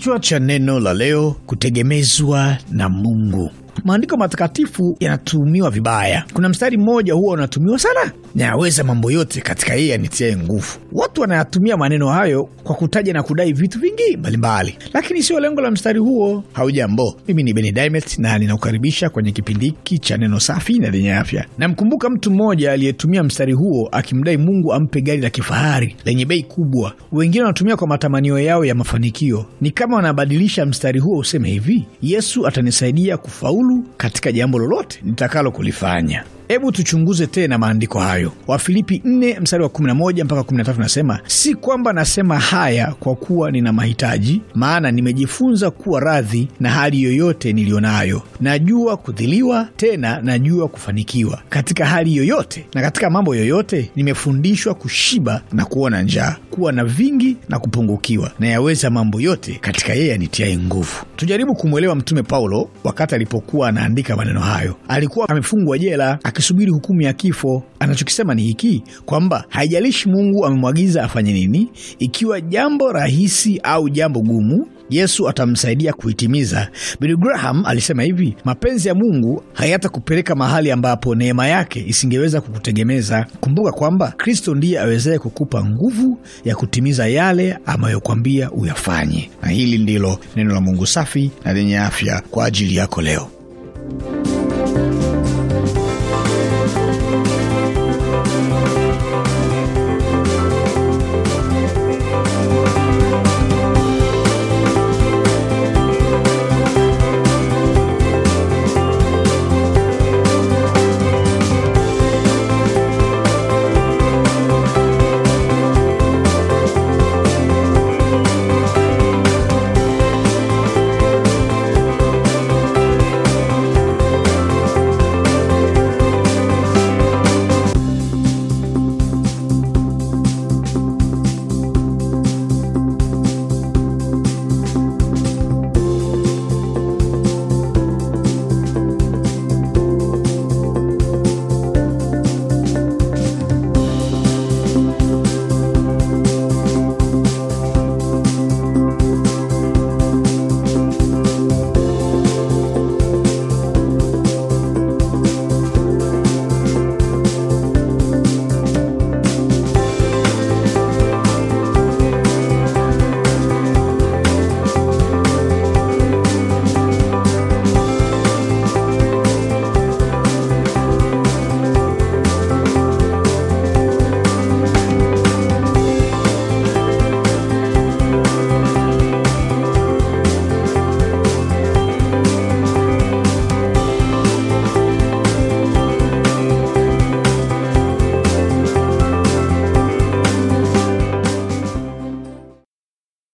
Kichwa cha neno la leo: kutegemezwa na Mungu maandiko matakatifu yanatumiwa vibaya. Kuna mstari mmoja huwa unatumiwa sana, nayaweza mambo yote katika yeye anitiaye nguvu. Watu wanayatumia maneno hayo kwa kutaja na kudai vitu vingi mbalimbali, lakini sio lengo la mstari huo. Haujambo, mimi ni Beni Dimet na ninakukaribisha kwenye kipindi hiki cha neno safi na lenye afya. Namkumbuka mtu mmoja aliyetumia mstari huo akimdai Mungu ampe gari la kifahari lenye bei kubwa. Wengine wanatumia kwa matamanio yao ya mafanikio. Ni kama wanabadilisha mstari huo useme hivi, Yesu atanisaidia kufaulu kufaulu katika jambo lolote nitakalo kulifanya. Hebu tuchunguze tena maandiko hayo. Wafilipi 4 mstari wa 11 mpaka 13 nasema, si kwamba nasema haya kwa kuwa nina mahitaji, maana nimejifunza kuwa radhi na hali yoyote niliyo nayo. Najua kudhiliwa, tena najua kufanikiwa. Katika hali yoyote na katika mambo yoyote nimefundishwa kushiba na kuona njaa, kuwa na vingi na kupungukiwa, na yaweza mambo yote katika yeye anitiaye nguvu. Tujaribu kumwelewa Mtume Paulo wakati alipokuwa anaandika maneno hayo. Alikuwa amefungwa jela akisubiri hukumu ya kifo. Anachokisema ni hiki kwamba haijalishi Mungu amemwagiza afanye nini, ikiwa jambo rahisi au jambo gumu, Yesu atamsaidia kuitimiza. bili Graham alisema hivi, mapenzi ya Mungu hayatakupeleka mahali ambapo neema yake isingeweza kukutegemeza. Kumbuka kwamba Kristo ndiye awezaye kukupa nguvu ya kutimiza yale amayokwambia uyafanye. Na hili ndilo neno la Mungu safi na lenye afya kwa ajili yako leo.